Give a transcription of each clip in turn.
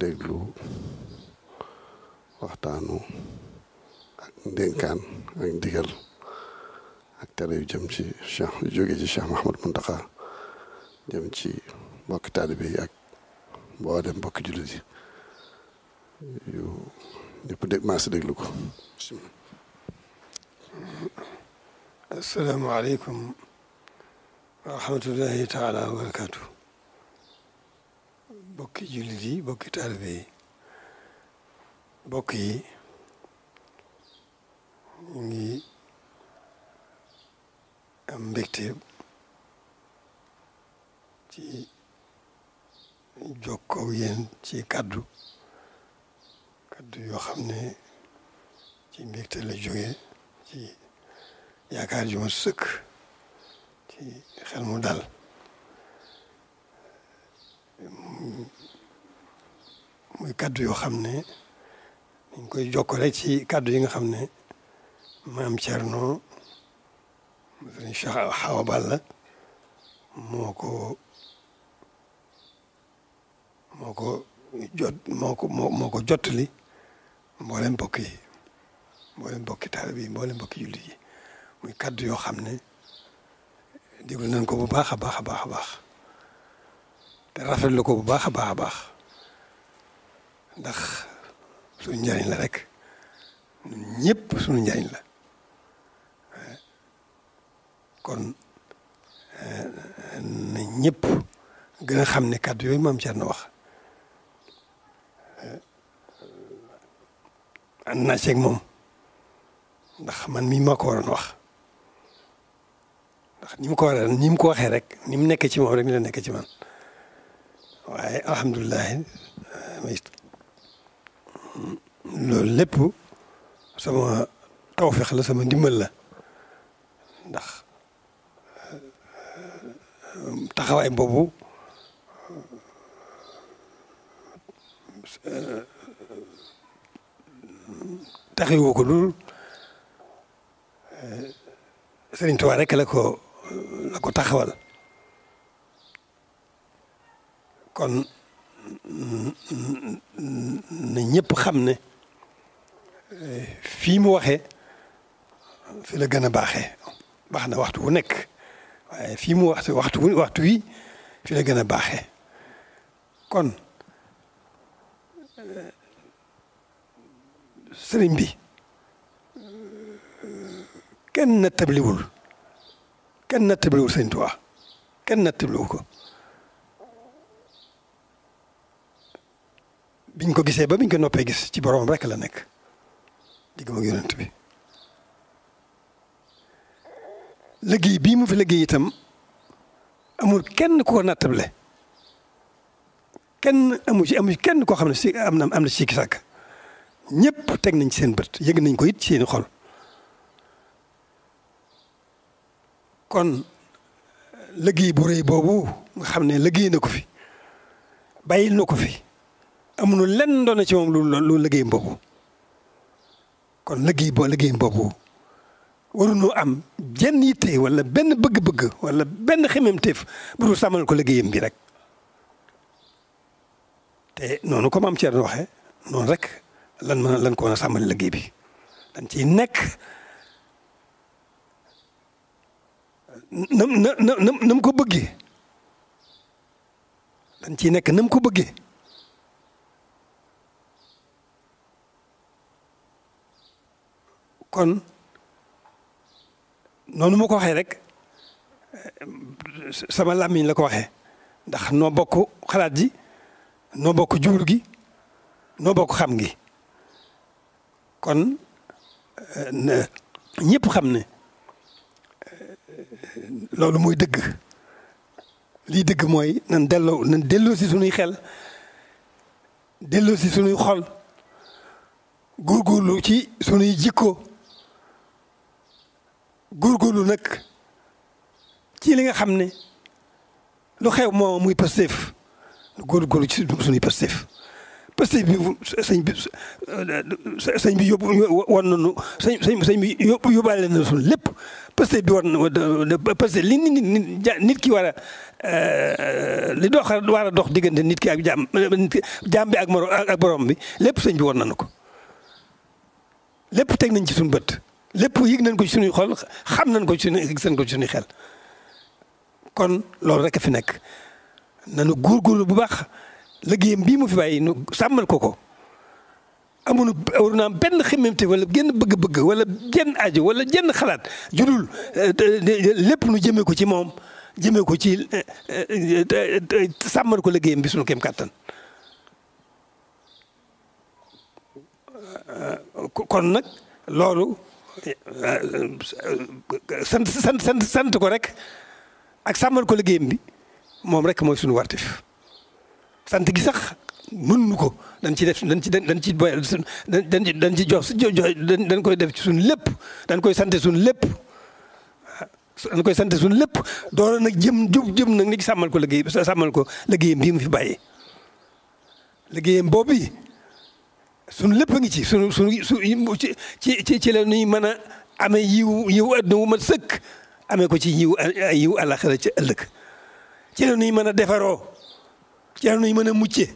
déglu waxtaanu ak ndénkaan ak ndigal ak tere yu jëm ci cheikh yu jóge ci cheikh Mahamad Muntaxa jëm ci mbokki taalibe ak boo dem mbokki jullit yi yu ñëpp dég maa déglu ko bismillah asalaamaaleykum wa rahmatullahi taala wa bokki jullit yi bokki taalibe yi yi ñu ngi am mbégte ci jokkoo yéen ci kaddu kaddu yoo xam ne ci mbégte la jógee ci yaakaar ju sëkk ci xel mu dal muy kàddu yoo xam ne dañ koy jokk rek ci kàddu yi nga xam ne maam Thierno sëriñ Cheikh Awa Balla moo ko moo ko jot moo ko moo ko jottali mboolem mbokk yi mboolem mbokki taalibe yi mboolem mbokki jullit yi muy kàddu yoo xam ne déglu nañ ko bu baax a baax a baax a baax rafet rafetlu ko bu baax a baax a baax ndax suñu njariñ la rek ñépp ñëpp suñu njariñ la eh, kon eh, na ñëpp gën a xam ne kàddu yooyu maam na wax eh, ànd naa ceeg moom ndax man mii ma ko war waroon wax ndax ni mu ko waree ni mu ko waxee rek ni mu nekk ci moom rek ni la nekk ci man waaye alhamdulilah loolu lépp sama tawfeex la sama ndimbal la ndax euh, taxawaay boobu euh, taxawoo ko dul euh, Sëriñ Tuubaa rek la la ko taxawal. kon na ñëpp xam ne fii mu waxee fi la gën a baaxe baax na waxtu wu nekk waaye fii mu wax waxtu waxtu wi fi la gën a baaxe kon sëriñ bi kenn na tabliwul kenn na tabliwul sëriñ Tuubaa kenn na tabliwu ko biñ ko gisee ba biñ ko noppee gis ci boroomam rek la nekk diggam ak yonent bi liggéey bii mu fi liggéey itam amul kenn ku ko nattable kenn amu ci amu kenn koo xam ne si am na am na ci sikki sàkk ñëpp teg nañ ci seen bët yëg nañ ko it ci seen xol kon liggéey bu rëy boobu nga xam ne liggéey na ko fi bàyyil na ko fi amuñu lenn doon ci moom lu lu liggéeyam boobu kon liggéey boo liggéeyam boobu waruñoo am jenn yitte wala benn bëgg-bëgg wala benn xememteef bu dul sàmmal ko liggéeyam bi rek te noonu comme am Thierno waxee noonu rek lan mën lan ko mën a sàmmal liggéey bi dañ ci nekk na na na na mu ko bëggee dañ ciy nekk na mu ko bëggee. kon noonu ma ko waxee rek eh, sama làmmiñ la ko waxee ndax noo bokk xalaat ji noo bokk juur gi noo bokk xam ngi kon eh, ñëpp xam ne eh, loolu mooy dëgg lii dëgg mooy nan delloo nan delloo si sunuy xel delloo si sunuy xol góorgóorlu ci sunuy jikko góor góorgóorlu nag ci li nga xam ne lu xew moo muy Pastef lu góorgóorlu ci suñuy Pastef Pastef bi sëñ bi sëñ bi yóbbu war nañu sëñ sëñ bi yóbbu yóbbaale na suñu lépp Pastef bi war na Pastef li nit nit ki war a euh, li dox war a dox diggante nit ki ak jaam jaam bi ak moro ak borom bi lépp sëñ bi war nañu ko lépp teg nañ ci suñu bët. lépp yëg nañ ko ci sunuy xol xam nañ ko ci suñuy yëg ko ci xel kon loolu rek a fi nekk nanu góorgóorlu bu baax liggéeyam bii mu fi bàyyi nu sàmmal ko ko amuñu waru naam benn xemmemte walla genn bëgg-bëgg wala jenn aajo wala jenn xalaat judul eh, eh, lépp nu jëmee ko ci moom jëmee ko ci eh, sàmmal ko liggéeyam bi suñu kéem kàttan kon nag loolu sant sant sant sant ko rek ak sàmmal ko liggéeyam bi moom rek mooy suñu wartif sant gi sax mënuñu ko dañ ci def dañ ci dañ ci boyal dañ ci dañ ci jox dañ koy def ci suñu lépp dañ koy sant suñu lépp dañ koy sant suñu lépp doora nag jëm jub jëm nag ni sàmmal ko liggéey sàmmal ko liggéeyam bii mu fi bàyyi liggéeyam boobu sunu lépp a ngi ci sunu sunu ci ci ci la ñuy mën a amee yiw yiw adduna wu mat sëkk amee ko ci yiw yiw àllaxira ci ëllëg ci la ñuy mën a defaroo ci la ñuy mën a mucce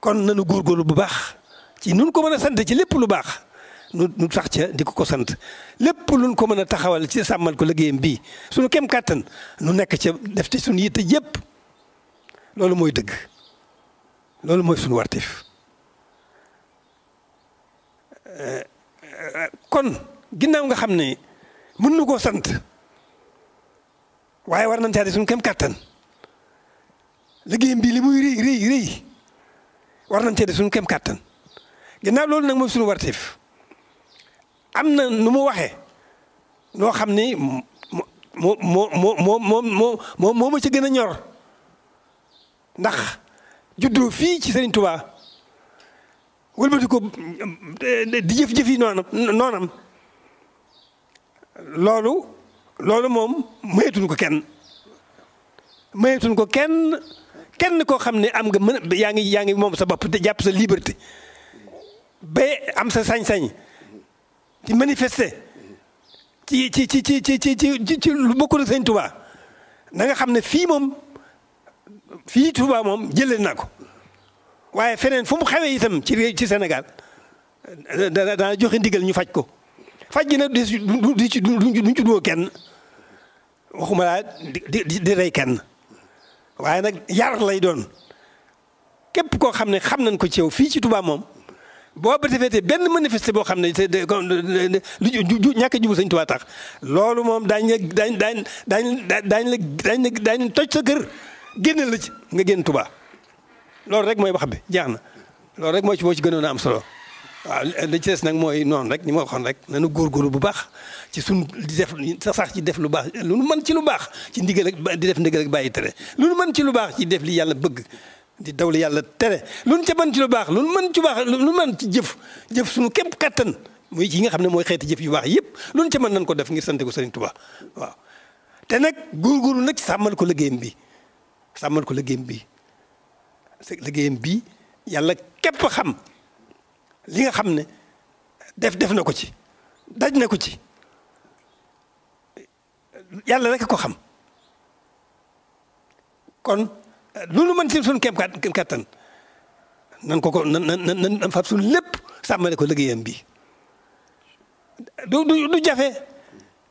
kon nanu góor bu baax ci nun ko mën a sant ci lépp lu baax nu nu tax ca di ko ko sant lépp luñ ko mën a taxawal ci sàmmal ko liggéeyam bii sunu kem kàttan nu nekk ca def ci sunu yitte yëpp loolu mooy dëgg loolu mooy sunu wartif kon ginnaaw nga xam ne mën na koo sant waaye war nañ caa di suñu kem kàttan liggéeyam bii li muy rëy rëy rëy war nañ caa di suñu kem kàttan ginnaaw loolu nag mooy suñu warteef am na nu mu waxee noo xam ni moo moo moo moo moo moo moo ma ci gën a ñor ndax juddoo fii ci Serigne Touba. wëlbati ko di jëf-jëf yi noonam noonam loolu loolu moom mayetuñ ko kenn mayetuñ ko kenn kenn koo xam ne am nga mën yaa ngi yaa ngi moom sa bopp te jàpp sa liberté ba am sa sañ-sañ ci manifester ci ci ci ci ci ci ci lu bokkul ak Sëñ Tuubaa nga xam ne fii moom fii Tuubaa moom jëlee naa ko waaye feneen fu mu xewee itam ci ci senegal dana dana joxe ndigal ñu faj ko faj gi nag du du ci duñ ci doo kenn waxuma laa di di di rey kenn waaye nag yar lay doon képp koo xam ne xam nañ ko ci yow fii ci Touba moom boo ba defee benn manifeste boo xam ne lu ju ñàkk a jublu Sëñ Touba tax loolu moom daañu la daañu daañu dañ la daañu la daañu toj sa kër génne la ci nga génn Touba. loolu rek mooy wax bi jeex na loolu rek moo ci moo ci gënoon am solo waaw li ci des nag mooy noonu rek ni ma waxoon rek nañu góorgóorlu bu baax ci suñu di def sax ci def lu baax lu nu mën ci lu baax ci ndigal ak di def ndigal ak bàyyi tere lu mën ci lu baax ci def li yàlla bëgg di daw li yàlla tere lu nu ca ci lu baax lu nu mën ci baax lu nu ci jëf jëf suñu képp kattan muy ci nga xam ne mooy xeeti jëf yu baax yëpp lu nu mën nañ ko def ngir sante ko Sëriñ Tuubaa waaw te nag góorgóorlu nag sàmmal ko liggéeyam bi sàmmal ko liggéeyam bi liggéeyam bii yàlla képp xam li nga xam ne def def na ko ci daj na ko ci yàlla rek ko xam kon loolu mën si suñu kéem kattan nan ko ko nan nan nan fab suñu lépp sàmmale ko liggéeyam bii du du du jafe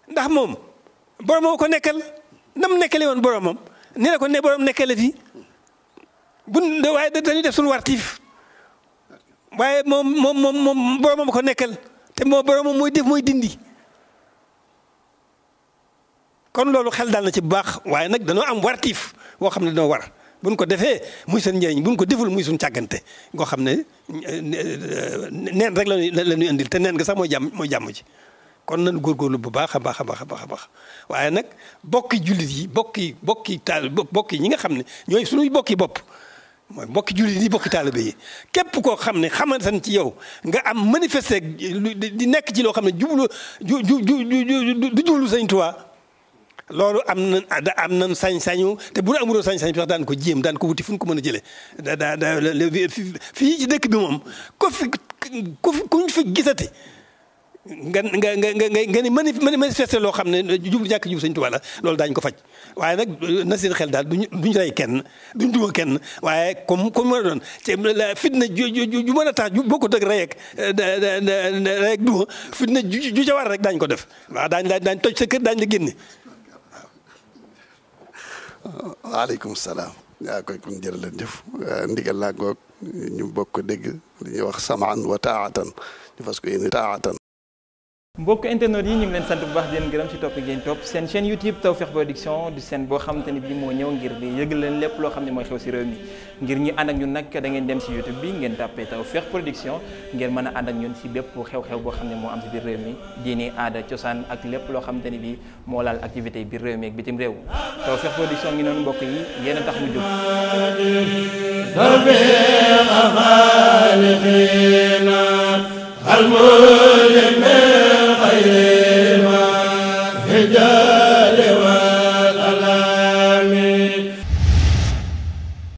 ndax boro boromam ko nekkal nam nekkale woon boromam ni la ko ne borom nekkale fii bu waaye dañuy def suñu wartiif waaye moom moom moom moom boromam ko nekkal te moo moom mooy def mooy dindi kon loolu xel daal na ci bu baax waaye nag danoo am wartiif boo xam ne danoo war buñ ko defee muy seen njëriñ buñ ko deful muy suñ càggante goo xam ne eh, neen rek lañuy lañuy indil te neen nga sax mooy mooy jàmm ji kon nañ góorgóorlu bu baax a baax a baax a baax a baax waaye nag bokki jullit yi bokki bokki taal bokki ñi nga xam ne ñooy suñuy bokki bopp mooy mbokki jullit yi mbokki taalibe yi képp koo xam ne xamantan ci yow nga am manifester di nekk ci loo xam ne jublu ju ju du jublu Sëñ Tuubaa loolu am na am nañ sañ-sañu te bu nu amuloo sañ-sañ bi wax daan ko jéem daan ko wuti fu ñu ko mën a jëlee da da fii ci dëkk bi moom ko fi ku fi ku fi gisati nga nga nga nga nga ni manifester loo xam ne jublu ñàkk jub Sëñ Tuubaa la loolu daañu ko faj waaye nag euh, na seen xel daal duñu duñ rey kenn duñ duma kenn waaye comme comme mën a doon te fitna ju ju mën a tax ju bokkut ak rey ak euh, rey ak duma fitna ju ju jawar rek daañu ko def waaw daañu daañu toj sa kër daañu la génne. waaleykum salaam. yaa koy kon jërëjëf euh, ndigal laa ngoog ñu bokk dégg li ñuy wax samaan wa taatan ñu fas ko yéene taatan mbokk internet yi ñu ngi leen sant bu baax di leen gërëm ci topp gi ngeen topp seen chaîne YouTube Tawfekh Production di seen boo xamante ni bi moo ñëw ngir di leen lépp loo xam ne mooy xew ci réew mi ngir ñu ànd ak ñun nag da ngeen dem ci YouTube bi ngeen tàppee Tawfekh Production ngeen mën a ànd ak ñun ci bépp xew-xew boo xam ne moo am ci biir réew mi diini aada cosaan ak lépp loo xamante ne bi moo laal activité biir réew mi ak bitim réew Tawfekh Production ngi noonu mbokk yi yéen a tax